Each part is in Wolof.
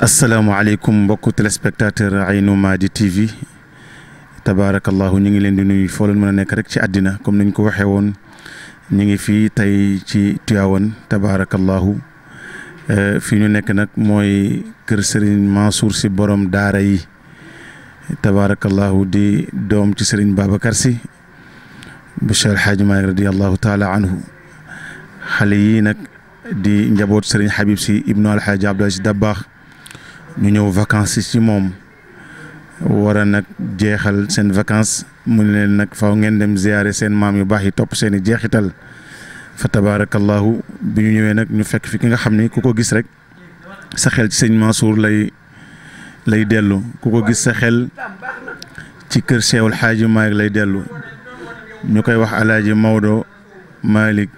asalaamaaleykum mbokk téléspectateur Aynou Mady TV tabaarakallahu ñu ngi leen di nuyu foo leen mën a nekk rek ci àddina comme nañ ko waxee woon ñu ngi fii tey ci Tivaouane tabaarakallahu fii ñu nekk nag mooy kër Serigne Mansour si borom daara yi tabaarakallahu di doom ci Serigne Babacar si bu Cheikh El Hadj Malick taala anhu xale yii nag di njaboot Serigne Habib si ibnu Alhaji Abdoulaye si Dabakh ñu ñëw vacances ci moom war a nag jeexal seen vacances mu ne leen nag faaw ngeen dem ziare seen maam yu baax yi topp seen i jeexital fa tabarakallahu bi ñu ñëwee nag ñu fekk fi ki nga xam ni ku ko gis rek sa xel ci sëñ Mansour lay lay dellu ku ko gis sa xel ci kër Seexul Xaaji maag lay dellu ñu koy wax alaaji Maodo malik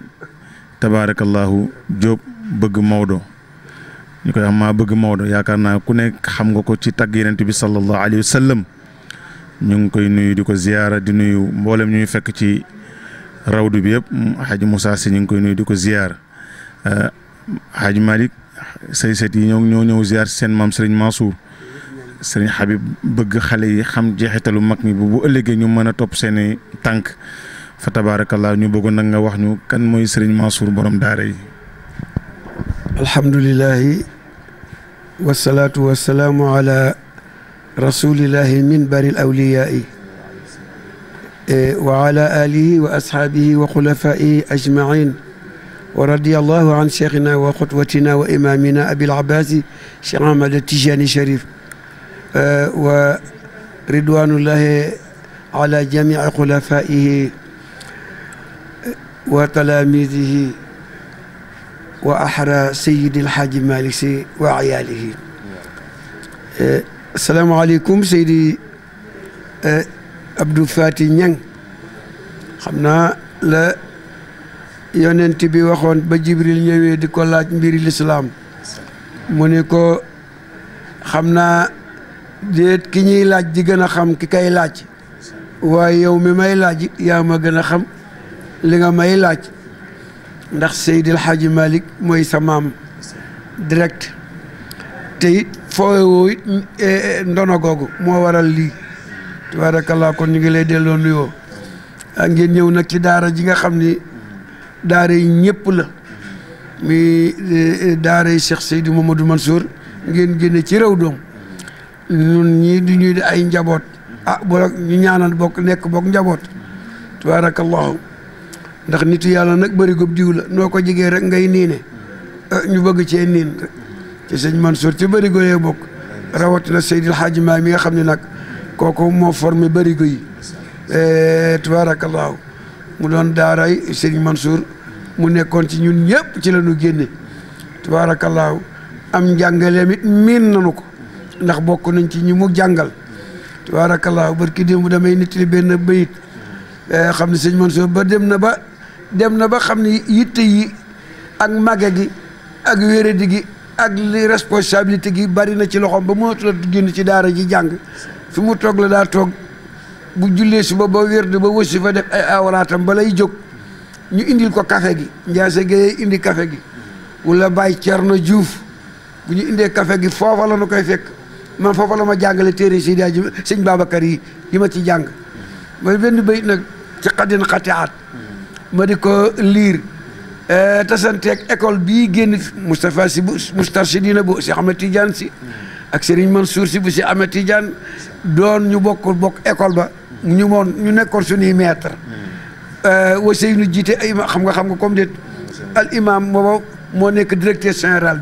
tabarakallahu Jóob bëgg Maodo ñu koy wax maa bëgg Maodo yaakaar naa ku nekk xam nga ko ci bi sallallahu alayhi wa sallam ñu ngi koy nuyu di ko di nuyu mboolem ñuy fekk ci rawdu bi yëpp Hadj musa si ñu ngi koy nuyu di ko ziyaara eh, Hadj malik set yi ñoo ñoo ñëw seen maam Serigne Mansour Serigne Habib bëgg xale yi xam jeexitalu mag mi bu bu ëllëgee ñu mën a topp seeni tànk fa tabaarakallaa ñu bëggoon nag nga wax ñu kan mooy Serigne Mansour borom daara yi. الحمد لله والصلاة والسلام على رسول الله من بر الأولياء وعلى آله وأصحابه وخلفائه أجمعين ورضي الله عن شيخنا وخطوتنا وإمامنا أبي العباس شيخ عمد التجاني الشريف ورضوان الله على جميع خلفائه وتلاميذه wa ahra sayidi alhaaji malik si wa ayaalihi eh, asalaamaaleykum saydi eh, abdou fati ñang xam naa la yonent bi waxoon ba jibril ñëwee di ko laaj mbiri lislaam mu ni ko xam naa déet ki ñuy laaj di gën a xam ki kay laaj waaye yow mi may laaj yaa ma gën a xam li nga may laaj ndax Seydil Hadji Malick mooy sa maam direct te it foowoo e, e, ndono googu moo waral lii tabaarakallaa kon ñu ngi lay delloo nuyoo ah, ngeen ñëw nag ci daara ji nga xam ni daara yi ñëpp la mi e, daara yi Cheikh Seydou Mamadou Mansour ngeen génne ci rew doom ñun ñii du ñuy ay njaboot ah bu ñu ñaanal bokk nekk bokk njaboot tabaarakallaahu ndax nitu yalla nak bari gop diiw la noko jige rek ngay niine eh, ñu bëgg ci niin ci sëñ Mansour ci bëri go yee bokk rawatina Seydil Hadji ma mi nga xamni nak koko mo formé bari goy euh tabaarakallaahu mu doon daaray sëñ Mansour mu nekkon ci ñun ñepp ci lañu ñu génne am jangale mit min nanu ko ndax bokk nañ ci ñimu jangal jàngal barki démb damay nit ben xamni Mansour ba dem na ba dem na ba xam ni yitte yi ak màgge gi ak wéradi gi ak responsabilité gi bari na ci loxoom ba mënatu la génn ci daara ji jàng fi mu toog la daa toog bu jullee suba ba wérdi ba wasi fa def ay awraatam ba lay jog ñu indil ko kafe gi njaase gayee indi kafe gi wala Baye na Diouf bu ñu indee kafe gi foofa la nu koy fekk man foofa la ma jàngale téere si daa ji sëñ Babacar yi ma ci jàng mooy benn bayit nag ci xadin xati aat مديكو لير تسانتيك اكول بي ген مصطفى سي مسترشدين بو سي احمد تيجان سي اك سيرين منصور سي بو سي احمد تيجان دون ني بوك بوك اكول با ني مون ني نيكور سوني ميتر ا وسينو جيتي اي خمغا خمغا كوم ديت الامام مو مو نيك ديريكتور جنرال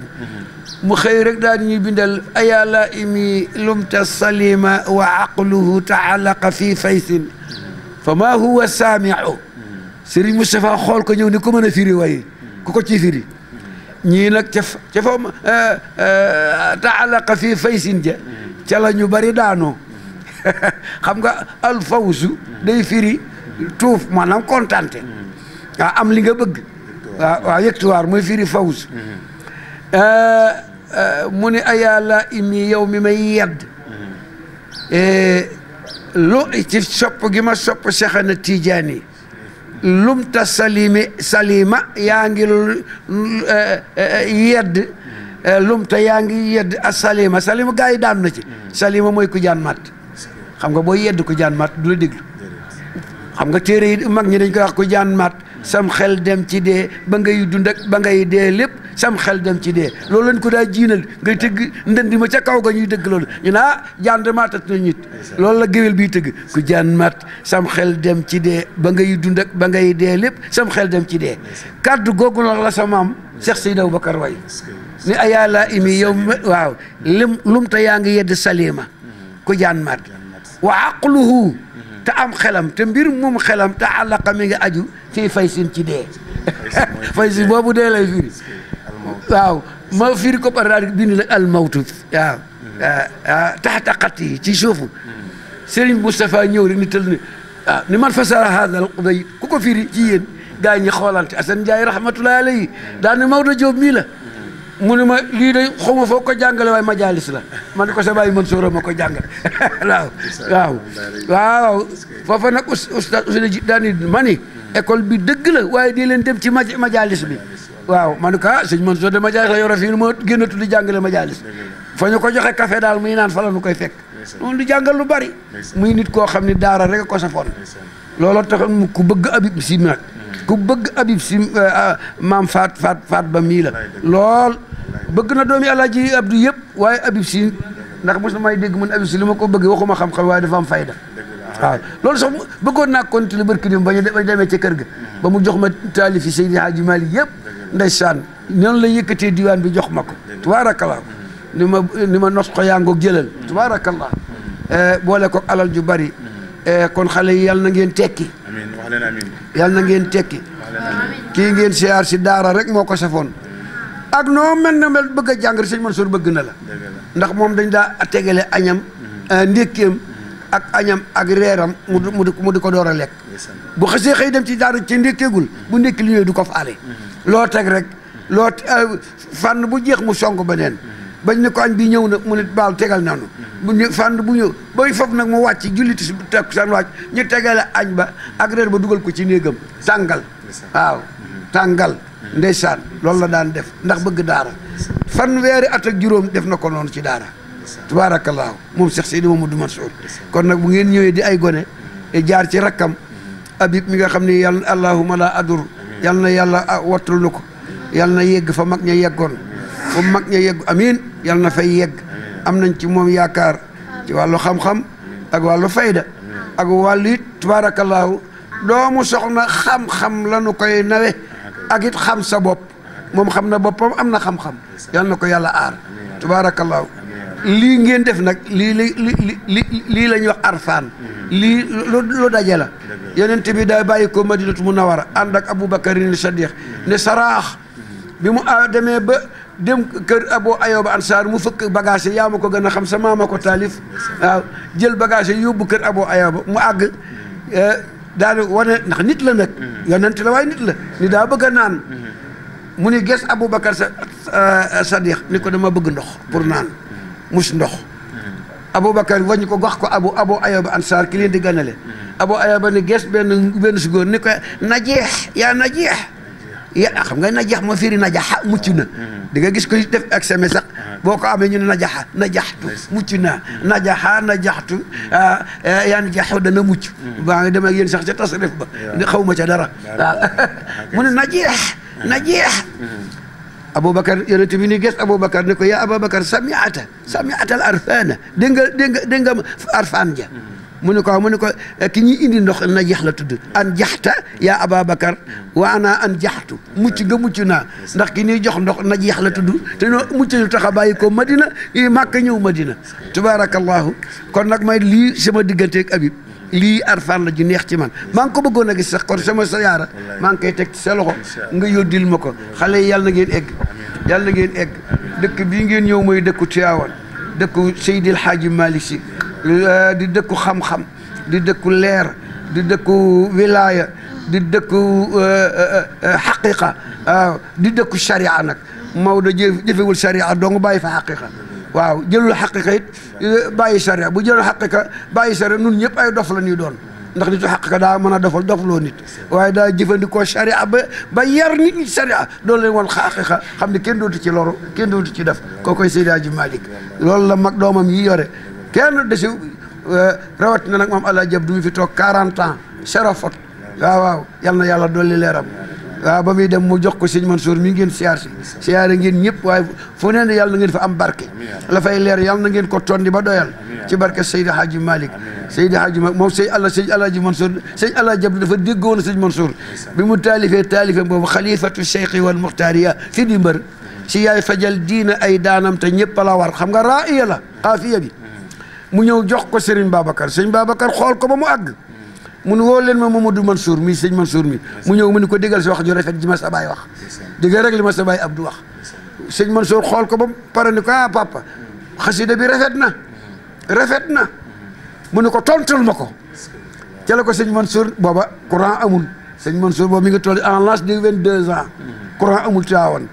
مو خير رك دا ايا لا امي لمت السليمه وعقله تعلق في فيث فما هو سامعه Serigne Moustapha xool ko ñëw ni ko mën a firi way ku ko ci firi ñii nag ca ca fa eh, eh, taalaqa fii faysin ja ca la ñu bari daanoo xam nga alfawsu day firi tuuf maanaam kontante waaw am li nga bëgg waaw waaw victoire mooy firi fawsu eh, mu ne ayala imi yow mi may yedd lu ci sopp gi ma sopp Seexna Tijaani lumta salimi salima yaa ngi eh, eh, yedd eh, lumta yaa ngi yedd a salima salima gars yi daan na ci salima mooy ku jaan mat xam nga boo yedd ku jaan matt du la déglu xam nga téere mag ñi dañ koy wax ku jaan matt sam xel dem ci dee ba ngay dund ak ba ngay dee lépp sam xel dem ci dee loolu lañ ko daa jiinal ngay tëgg ndënd ma ca kaw ga ñuy dëgg loolu ñu naa ah, jaan maatat na nit loolu la géwél biy tëgg ku jaan mat sam xel dem ci dee ba ngay dund ak ba ngay dee lépp sam xel dem ci dee kàddu googu nag la sa maam Cheikh Seydi Aboubacar way ni ayaa laa imi yow waaw lim lum ta yaa ngi yedd salima mm-hmm. ku jaan mat wa aqluhu mm-hmm. te am xelam te mbir moom xelam te àllaqa mi nga aju fii fay sin ci dee fay sin boobu dee lay firi waaw ma firi ko par daal di bind la almawtu waaw taxta xatti ci suufu Serigne Moustapha ñëw rek ni tël ni waaw ni man fasara haadal qudayt ku ko firi ci yéen gaa ñi xoolante Assane Ndiaye rahmatullahi alayhi daane Maodo Diop mii la mu ne ma lii de xaw ma foo ko jàngale waaye majalis la ma ne ko sa bàyyi man sóora ma ko jàngal waaw waaw waaw foofa nag ustaz usina ji daani ma ni école bi dëgg la waaye di leen dem ci majalis bi waaw man ka seigne man de ma jaay yore fii mo gën a tudd ma Majalis fañu ko joxe café dal muy naan fa la nu koy fekk noonu di jangal lu bari muy nit ko xamni daara rek ko safoon lolo tax ku bëgg abib Sy nak hmm. ku bëgg abib Sy euh, euh, mam fat faat fat ba mi la lool bëgg na doomi Alaaji Abdou yeb way abib Sy ndax mos may dégg man abib Sy luma ko bëgg waxuma xam-xam way dafa am fayda waaw sax bëggon na continuer barki dem ba ci kër ga hmm. ba mu jox ma talifi Seydi haji mali yeb ndaysan non la yëkëté diwan bi jox mako tabarakallah nima ni ma nos ko yaa ngoog jëlal tubaarakallah eh, boole ko alal ju bari eh, kon xalé yi yal na ngeen tekki amin wax leen amin yal na ngeen tekki ki ngeen siyaar ci daara rek moko ko ak no mel na mel bëgg a seigne Mansour bëgg na la ndax mom dañ da tegale añam mhm. eh, ndékkeem ak añam ak réram mu mu diko lek bu xasee xey dem ci daara ci ndékkeegul bu ndékki li ñu du ko faalé mhm. loo teg rek loo euh, bu jeex mu song beneen bañ ne ko añ bi ñëw na mu ne baal tegal naanu ñu fànn bu ñëw bay foofu nag mu wàcc julliti si teg seen wàcc ñu tegale añ ba ak ba dugal ko ci néegam tàngal waaw tàngal ndeysaan loolu la daan def ndax bëgg daara fanweeri at ak juróom def na ko noonu ci daara tabaarakallaahu moom Cheikh Seydi duma Mansour kon nag bu ngeen ñëwee di ay gone jaar ci rakkam abib mi nga xam ne yàlla allahuma la adur yal na yàlla ah, wattul nu ko yal na yegg fa mag ña yeggoon fa mag ña yegg amiin yal na fay yegg am nañ ci moom yaakaar ci wàllu xam-xam ak wàllu fayda ak wàllu it tubaarakallaahu doomu soxna xam-xam la koy nawe ak it xam sa bopp moom xam na boppam am na xam-xam yal na ko yàlla aar tubaarakallaahu lii ngeen def nag lii li li lii la ñuy wax arfaan lii lu daje la yonent bi daa bàyyi ko madinatu munawara ànd ak aboubacarin sadiq ne saraax bi mu a ah, ba dem kër abo ayoba ansaar mu fëkk bagage yi ma ko gën a xam sa maama ko taalif jël bagage yi yóbbu kër abo ayoba mu àgg eh, daal wane ndax nit la nag yonent la waaye nit la ni daa bëgg a naan mu ni ges aboubacar sa eh, sadiq ni ko dama bëgg ndox pour naan mus ndox Aboubacar wañ ko wax ko abu abu ayaba ansaar ki leen di ganale abu ayaba ni gees benn benn si góor ni ko najeex yaa najeex ya xam nga najeex moo firi najaxa mucc na hmm. di nga gis ko def ak seme sax hmm. boo ko amee ñu ne najaxa najaxtu mucc naa hmm. najaxa najaxtu ah, eh, yaa najaxu dana mucc baa nga dem ak sax ca tasrif ba xaw ma ca dara waaw ah. mu ne najeex najeex Aboubacar yonent bi ni gis Aboubacar ne ko yaa Aboubacar samiata samiata al arfana dégg nga dégg nga dégg nga arfan ja mu ne ko mu ne ko ki ñuy indi ndox na jax la tudd an jaxta yaa Ababakar wa ana an jaxtu mucc nga mucc naa ndax ki ñuy jox ndox na jax la tudd te noo mucc ñu tax a bàyyi ko Madina i Màkka ñëw Madina tabarakallahu kon nag may lii sama digganteeg Habib lii arfan la ju neex ci man maa ngi ko bëggoon a gis sax kon sama sa maa ngi koy teg ci sa loxo nga yóddil ma ko xale yi yàlla na ngeen egg yàlla na ngeen egg dëkk bii ngeen ñëw mooy dëkku Tiwaawan dëkku Seydil Haaji Malick Si euh, di dëkku xam-xam di dëkku leer di dëkku wilaaya di dëkku euh, euh, xaqiqa di dëkku sharia nag Maodo jëfewul sharia dong bàyyi fa xaqiqa waaw jëlul xaqiqa it bàyyi sharia bu jëlul xaqiqa bàyyi sharia nun ñëpp ay dof la ñuy doon ndax nitu xaqiqa daa mën a dofal dofloo nit waaye daa jëfandikoo sharia ba ba yar nit ñi sharia doolu leen woon xaqiqa xam ne kenn dootu ci loru kenn dootu ci def koy Seydi Hadji Malick loolu la mag doomam yi yore kenn desi euh, rawat na nag moom Alaaji Abdu mi fi toog 40 ans serofot waaw waaw yal na yàlla dolli leeram waaw ba muy dem mu jox ko sëñ Mansour mi ngeen siyaar si siyaare ngeen ñëpp waaye fu neen yàlla na ngeen fa am barke la fay leer yàlla na ngeen ko tondi ba doyal ci barke Seydi Hadji Malick Seydi Hadji Malick moom sëñ Allah sëñ Alaaji Mansour sëñ Alaaji Abdou dafa déggoon sëñ Mansour bi mu taalifee taalifee boobu xalifatu cheikhi wal muxtaariya fi di mbër si yaay fajal diina ay daanam ñëpp la war xam nga la xaafiya bi mu ñëw jox ko Serigne Babacar Serigne Babacar xool ko ba mu àgg mun wo len ma Mamadou Mansour mi seigne Mansour mi mu ñew mu ni ko déggal ci wax ju rafet ji ma sa bay wax déggal rek li ma sa bay Abdou wax seigne Mansour xol ko ba pare ni ko ah papa khassida bi rafet na rafet na mu ni ko tontul mako ci la ko seigne Mansour boba courant amul seigne Mansour boobu mi ngi tolli en l'âge de 22 ans courant amul Tiwaawan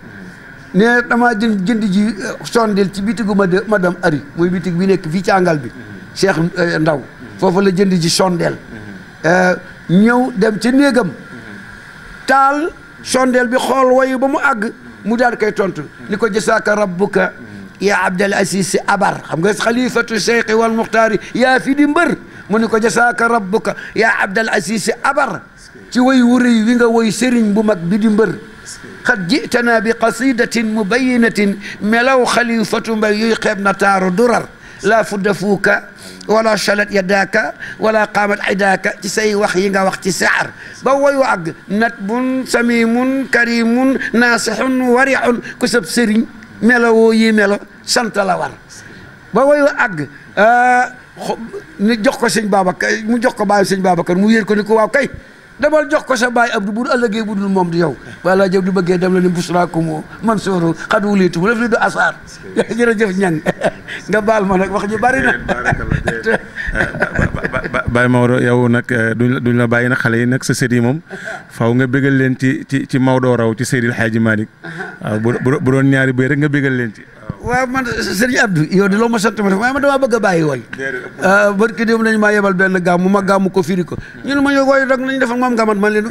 ne dama jënd jënd ji eh, sondil ci bitigu madame Ari moy bitigu bi nek fi ci angal bi Cheikh eh, Ndaw fofu la jënd ji ñëw dem ci néegam taal sondeel bi xool wayu ba mu àgg mu daal koy tontu ni ko jësaaka rabbuka ya abdal asis abar xam nga xalifatu cheikhi wal muxtaari yaa fi di mbër mu ni ko jasaaka rabbuka ya abdal asis abar ci way wu rëy wi nga woy sëriñ bu mag bi di mbër xad jitanaa bi qasidatin mubayinatin melaw xalifatu mbay yuy xeeb na taaru durar لا فد فوكا ولا شلت يداك ولا قامت عداك تسي وخي نغا وقت سعر بووي واق نتب سميم كريم ناصح ورع كسب سري ملو يملو سنت لا وار بووي واق ا آه ني جوكو سيغ بابا مو جوكو باي سيغ بابا مو يير كو واو كاي demal jox ko sa baay Abdou bu ëllëgee bu dul moom di yow walla jëf du bëggee dem la ni busraakumu man sóoru xadu wuliitu mu def li du asaar jërëjëf ñang nga baal ma nag wax ji bari na eh, Baye Maodo yow nag eh, duñ duñ la bàyyi nag xale yi nag sa série moom faw nga bégal leen ci ci ci Maodo raw ci Seydil Hadji Malick waaw ah, bu doon ñaari bëy rek nga bégal leen ci waaw man sëriñ Abdou yow de loo ma sant ma def waaye man damaa bëgg a bàyyi woy ah, barki dem nañ maa yebal benn gàmm ma gàmm ko firi ko hmm. ñun ma yow woy rek nañ defal moom gàmmat man leen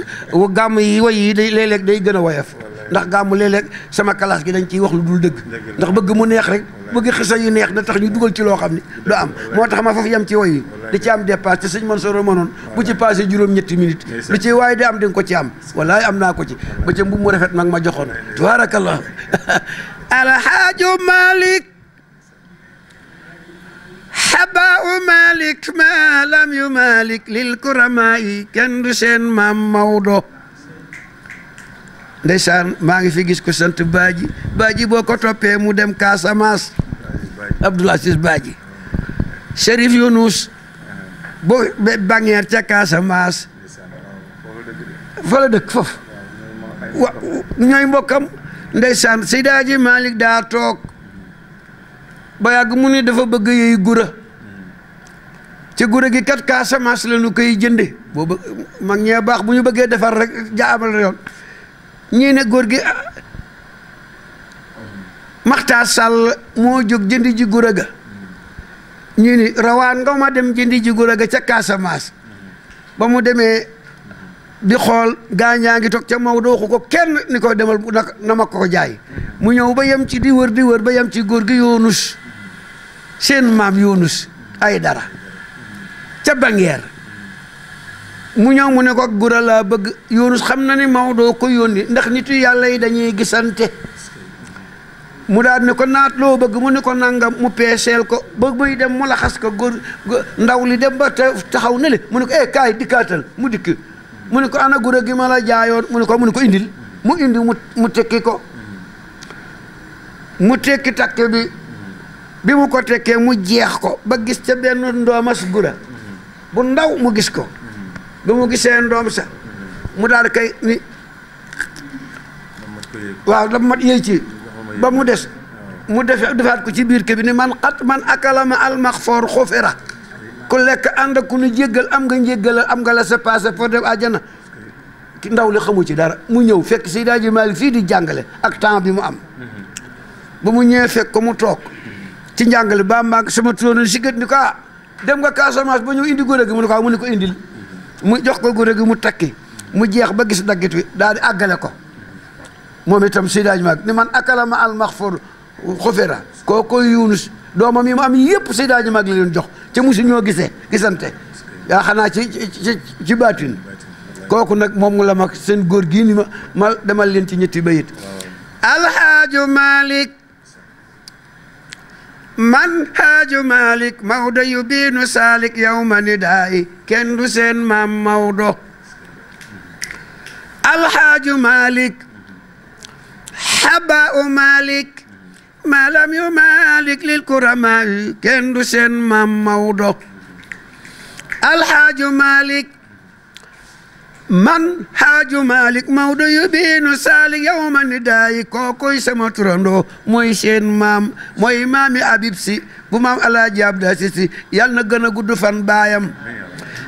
gàmm yi woy yi day léeg-léeg day gën a woyof ndax gàmmu léeg-léeg sama classe gi dañ ciy wax lu dul dëgg ndax bëgg mu neex rek bëgg xisa neex na tax ñu dugal ci loo xam ne du am moo tax ma foofu yem ci woy yi di ci am dépasse te sëñ Mansour mënoon bu ci passé juróom ñetti minutes lu ci waaye di am di nga ko ci am walaay am naa ko ci ba ca mbubb mu rafet mag ma joxoon tabaarakallah Al-Haju Malik Haba'u Malik Malam yu Malik Lil Kuramai Kendusen Mam Maudo Ndeysan Mangi Figis Kusen Tu Baji Baji Bo Kotope Mudem Kasamas Abdul Aziz Baji Sherif Yunus Bo Bangir Tia Kasamas Fala Dek Fof Nyai Mbokam ndaysan sidaji malik da tok ba yag mu ne dafa bëgg yey gura ci gura gi kat ka sama ñu koy jënde bo mag ñe baax bu ñu defar rek jaamal reew ñi ne gor gi makta sal mo jog jëndi ji gura ga ñi ni rawaan nga ma dem jëndi ji gura ga ca Casamance ba mu di xol ganyang ngi tok ca mawdo ko ko kenn ni ko demal na ma ko jaay mu ñew ba yam ci di wër di wër ba yam ci gor gi yunus seen mam Yunus ay dara ca bangeer mu ñew mu ne ko gura laa bëgg yoonus xam na ni mawdo ko yoni ndax nitu yalla yi dañuy gisante mu daal ne ko naat lo bëgg mu ne ko nangam mu peeseel ko ba muy dem mu xass ko gor ndaw li dem ba taxaw na le mu ne ko eh kaay dikkaatal mu mune ko ana gura gi mala la jaayoon mu ko mu ko indil mu indi mu tekki ko mu tekki takk bi bi mu ko tekke mu jeex ko ba gis ca benn ndoomas gura bu ndaw mu gis ko bu mu gisee ndom sa mu dal kay ni wa la mat yëy ci ba mu dess mu ko ci bir ke bi ni man xat man akala ma almaxfoor ku lekk ànd ak ku nu jéggal am nga njéggalal am nga la sa passé pour dem àjjana ki ndaw li xamu ci dara mu ñëw fekk Seydi Hadji Malick fii di jàngale ak temps bi mu am ba mu ñëwee fekk ko mu toog ci njàngale ba maag sama turoon si gët ni ko ah dem nga Casamance ba ñëw indi góor gi mu ne ko ah, mu ne ko indil mu jox ko góor gi mu takki mu jeex ba gis daggit wi daal di àggale ko moom itam Seydi Hadji ni man akala ma al maxfur xufira kooku Yunus doomam yi mu am yëpp Seydi Hadji la leen jox ca musu ñoo gisee gisante yaa xanaa ci ci kooku nag moom la mag seen góor gii ni ma ma demal leen ci ñetti bayit alhaaju malik man haaju malik mawdo yu biinu salik yow ma kenn du seen maam mawdo alhaaju malik haba u malik maalam yu maalik lil kuramaay kenn du seen maam Maodo alxaaju maalik man xaaju maalik Maodo yu biinu saalik ma ni daayi kookoy sama mooy seen maam mooy maami Habib si bu maam Alaaji Abda si si yàlla na gën a gudd fan baayam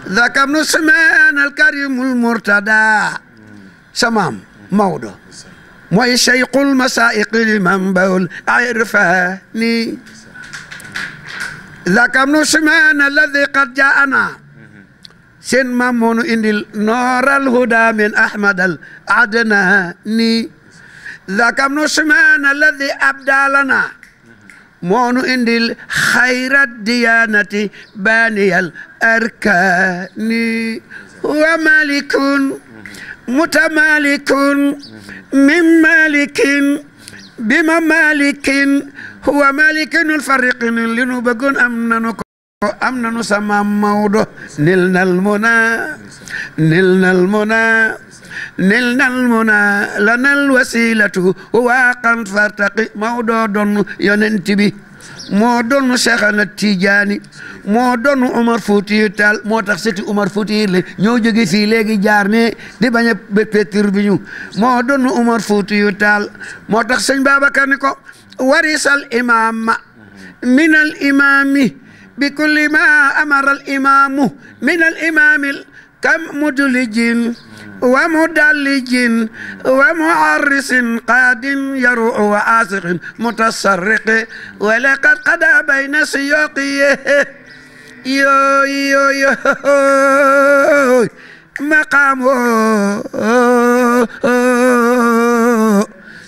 zakam nu sumaan alkarimul murtada sa maam Maodo شيق المسائق المنبول عرفاني ذاك ابن سمان الذي قد جاءنا سن ممون إن نور الهدى من أحمد العدناني ذاك ابن سمان الذي أبدى لنا مونو اندي خير الديانة باني الاركاني هو مالك متمالك من مالك بما مالك هو مالك الفريق لنبقون أمنا أمنا نسمى موضو نلنا المنى نلنا المنى نلنا المنى لنا الوسيلة وقا فارتقي موضو يننتبه moo doonu Seexana Tijaani moo doonu Umar Fuuti Taal moo tax sëti Umar Fuuti la ñoo jóge fii léegi jaar ne di bañ a pétir bi ñu moo doonu Umar Fuuti Taal moo tax sëñ Babacar ni ko warisal imaama minal imaami bi kulli ma amaral imaamu minal imaamil كم مدلج ومدلج ومعرس قاد يروع وآسق متسرق ولقد قدى بين سياقيه يو يو يو مقامه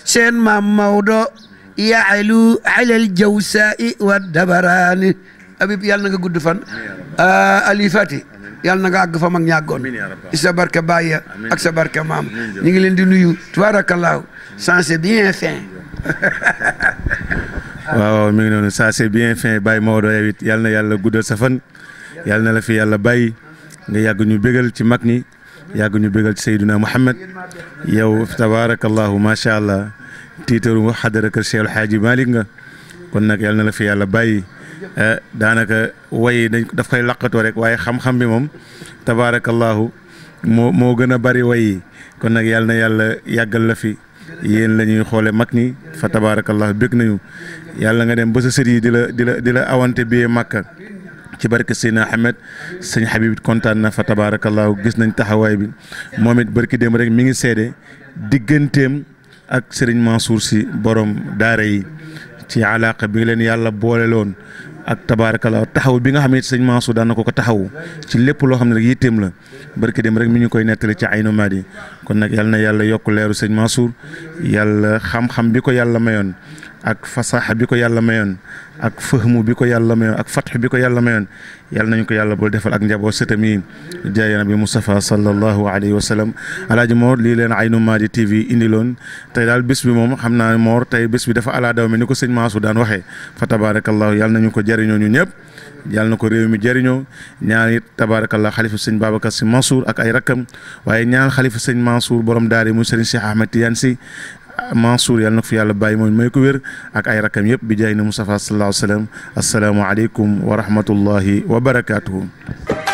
سين مام موضوع يعلو على الجوساء والدبران أبي يالنا قد فن آه الفاتي yàlla na nga àgg fa mag ñàggoon sa barke Baye ak sa barke maam ñu ngi leen di nuyu tubaarakalaaw ça c'est bien fin waaw mi ngi noonu ça bien fin Baye Maodo it yàlla na yàlla guddal sa fan yàlla na la fi yàlla bàyyi nga yàgg ñu bégal ci mag ñi yàgg ñu bégal ci seyduna Muhammad yow tabaarakallaahu macha allah tiitaru xadaraka Cheikh El Hadji Malick nga kon nag yàlla na la fi yàlla bàyyi Eh, daanaka way dañ daf koy laqatoo rek waaye xam-xam bi moom tabaarakallaahu moo moo gën a bari way yi kon nag yàlla na yàlla yàggal la fi yéen la ñuy xoole mag ñi fa tabaarakallaahu bég nañu yàlla nga dem ba sa sër yi di la di la di la awante biyee màkka ci barke Seydina Ahmed sëñ Habib it kontaan na fa tabaarakallaahu gis nañ taxawaay bi moom it barki démb rek mi ngi seede digganteem ak Serigne Mansour si borom daara yi ci alaaqa bi leen yàlla boole loon ak tabaarakala taxaw bi nga xam ne sëñ Mansour daan na ko ko taxaw ci lépp loo xam ne rek yitteem la barki dem rek mi ñu koy nettali ci Aynou Mady kon nag yal na yàlla yokk leeru sëñ Mansour yàlla xam-xam bi ko yàlla mayoon ak fasaxa bi ko yàlla mayoon ak fëhmu bi ko yàlla mayoon ak fatx bi ko yàlla mayoon yàlla nañu ko yàlla bul defal ak njaboot sëtam yi jaay nabi Mustafa sallallahu alayhi wa sallam alaaji Mor lii leen ay Aynu Maadi TV indiloon te daal bis bi moom xam naa Mor tey bés bi dafa alaa daw mi ni ko sëñ Mansour daan waxee fa tabaarakallahu yàlla nañu ko jëriñoo ñu ñëpp yàlla na ko réew mi jariñoo ñaan it tabaarakallah xalifa sëñ Babacar si Mansour ak ay rakkam waaye ñaan xalifa sëñ Mansour borom daari mu sëriñ Cheikh Ahmed si منصور يالنك في الله باي مول مايكو وير اك اي ركام ييب بي مصطفى صلى الله عليه وسلم السلام عليكم ورحمه الله وبركاته